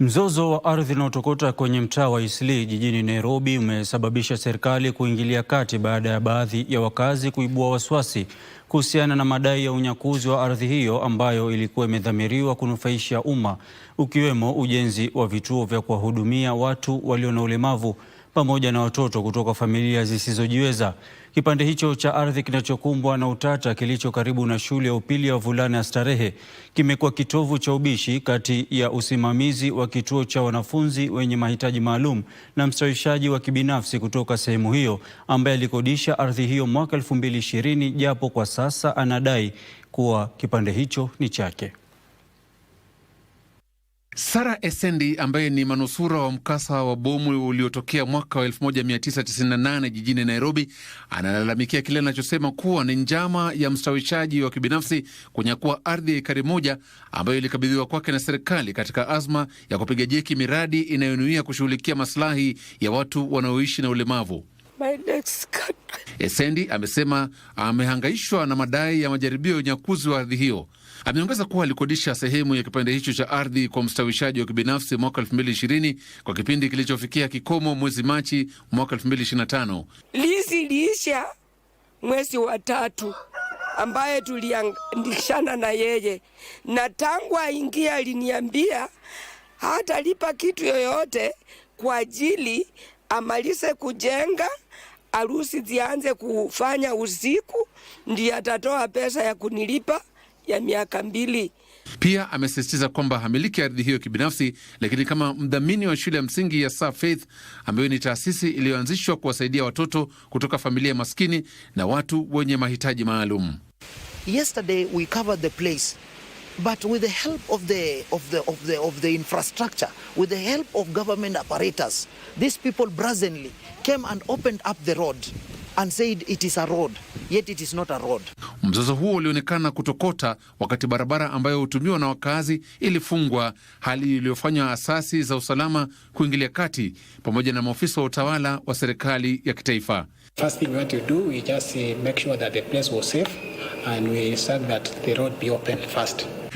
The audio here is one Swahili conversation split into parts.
Mzozo wa ardhi unaotokota kwenye mtaa wa Eastleigh jijini Nairobi umesababisha serikali kuingilia kati baada ya baadhi ya wakazi kuibua wasiwasi kuhusiana na madai ya unyakuzi wa ardhi hiyo ambayo ilikuwa imedhamiriwa kunufaisha umma, ukiwemo ujenzi wa vituo vya kuwahudumia watu walio na ulemavu pamoja na watoto kutoka familia zisizojiweza. Kipande hicho cha ardhi kinachokumbwa na utata kilicho karibu na shule ya upili ya wavulana ya Starehe kimekuwa kitovu cha ubishi kati ya usimamizi wa kituo cha wanafunzi wenye mahitaji maalum na mstawishaji wa kibinafsi kutoka sehemu hiyo ambaye alikodisha ardhi hiyo mwaka 2020 japo kwa sasa anadai kuwa kipande hicho ni chake. Sara Esendi ambaye ni manusura wa mkasa wa bomu uliotokea mwaka wa 1998 jijini Nairobi analalamikia kile anachosema kuwa ni njama ya mstawishaji wa kibinafsi kunyakua ardhi ya ekari moja ambayo ilikabidhiwa kwake na serikali katika azma ya kupiga jeki miradi inayonuia kushughulikia masilahi ya watu wanaoishi na ulemavu my next country. Eh, Esendi amesema amehangaishwa na madai ya majaribio ya unyakuzi wa ardhi hiyo. Ameongeza kuwa alikodisha sehemu ya kipande hicho cha ardhi kwa mstawishaji wa kibinafsi mwaka 2020 kwa kipindi kilichofikia kikomo mwezi Machi mwaka 2025. Lizi liisha mwezi wa tatu ambaye tuliandikishana na yeye, na tangu aingia aliniambia hatalipa kitu yoyote kwa ajili amalize kujenga, harusi zianze kufanya usiku, ndiye atatoa pesa ya kunilipa ya miaka mbili. Pia amesisitiza kwamba hamiliki ardhi hiyo kibinafsi, lakini kama mdhamini wa shule ya msingi ya Sir Faith ambayo ni taasisi iliyoanzishwa kuwasaidia watoto kutoka familia maskini na watu wenye mahitaji maalum. Yesterday we covered the place but with the help of the, of the, of the, of the infrastructure, with the help of government apparatus, these people brazenly came and opened up the road and said it is a road, yet it is not a road. Mzozo huo ulionekana kutokota wakati barabara ambayo hutumiwa na wakazi ilifungwa, hali iliyofanya asasi za usalama kuingilia kati pamoja na maofisa wa utawala wa serikali ya kitaifa. first first thing we we we want to do just eh, make sure that that the the place was safe and said road be open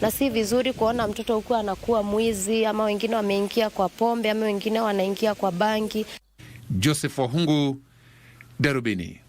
na si vizuri kuona mtoto huku anakuwa mwizi, ama wengine wameingia kwa pombe, ama wengine wanaingia kwa bangi. Joseph Wahungu, Darubini.